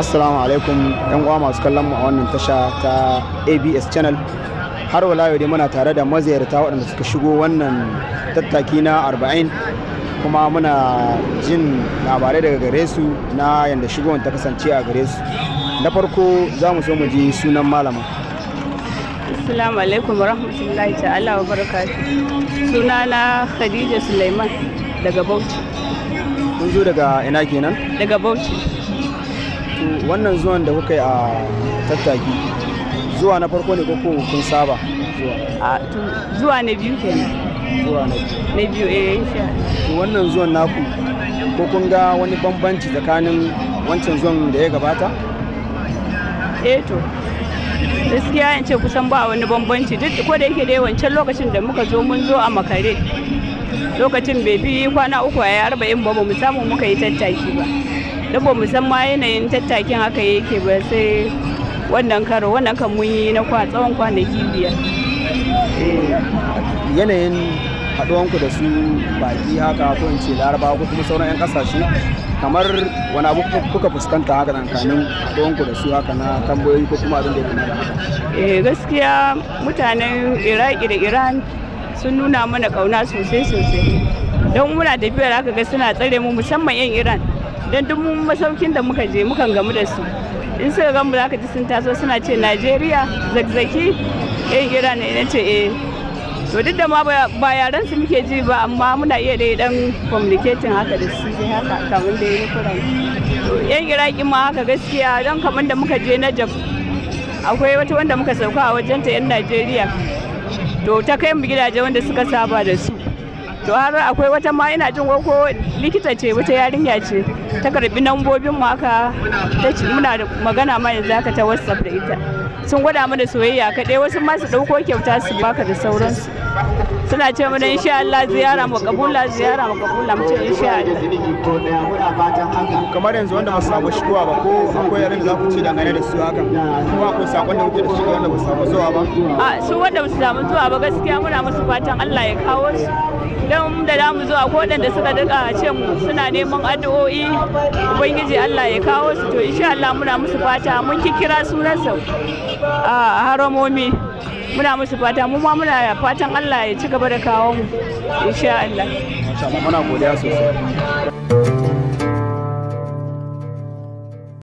assalamu alaikum yan uwa masu kallon mu a wannan tasha ta abs channel har wala yau dai muna tare da maziyarta waɗanda suka shigo wannan tattaki na 40 kuma muna jin labarai daga gare su na yadda shigowar ta kasance a gare su na farko za mu so mu ji sunan malama assalamu alaikum rahmatullahi ta'ala wa suna sunana khadija suleiman daga bauchi kun zo daga ina kenan daga bauchi To wannan zuwan da kuka yi a tattaki zuwa na farko ne koko kun saba zuwa na biyu kenan zuwa na biyu eh wannan zuwan naku ko kun ga wani bambanci tsakanin wancan zuwan da ya gabata eh to gaskiya in ce kusan ba wani bambanci duk ko da yake dai wancan lokacin da muka zo mun zo a makare lokacin bai fi kwana uku a arba'in ba mu samu muka yi tattaki ba don ba mu san ma yanayin tattakin haka yake ba sai wannan karo wannan kan mun yi na tsawon kwanaki biyar yanayin haɗuwanku da su baki haka ko in ce laraba ko kuma sauran 'yan kasashe kamar wani abu kuka fuskanta haka tsakanin haɗuwanku da su haka na tambayoyi ko kuma abin da ya kamata eh gaskiya mutanen iraki da iran sun nuna mana kauna sosai sosai don muna tafiya aka ga suna tsare mu musamman yan iran don duk mun masaukin da muka je mukan gamu da su in suka gamu za ka ji sun taso suna ce najeriya zakzaki yan iran ne na ce eh to duk da ma ba yaran su muke ji ba amma muna iya dai dan communicating haka da su dai haka kamar da yi to yan iraki ma haka gaskiya don kamar da muka je najaf akwai wata wanda muka sauka a wajenta yan najeriya to ta kai mu gidaje wanda suka saba da su to har akwai wata ma ina jin ko likita ce wata yarinya ce ta karbi nambobin mu aka ta muna magana ma yanzu aka ta whatsapp da ita sun gwada mana soyayya kaɗai wasu ma su ɗauko kyauta su baka da sauransu suna ce mana insha Allah ziyara kabula ziyara kabula mu ce insha Allah kamar yanzu wanda ba su samu shigowa ba ko akwai da za ku ce dangane da su haka ko akwai sakon da kuke da shi wanda ba su samu zuwa ba a su wanda ba su samu zuwa ba gaskiya muna musu fatan Allah ya kawo su don da za mu zuwa ko waɗanda suka duka ce mu suna neman addu'o'i ubangiji Allah ya kawo su to insha Allah muna musu fata mun sunan sunansa a haramomi muna musu fata mu ma muna fatan Allah ya ci gaba da kawo mu insha Allah muna godiya sosai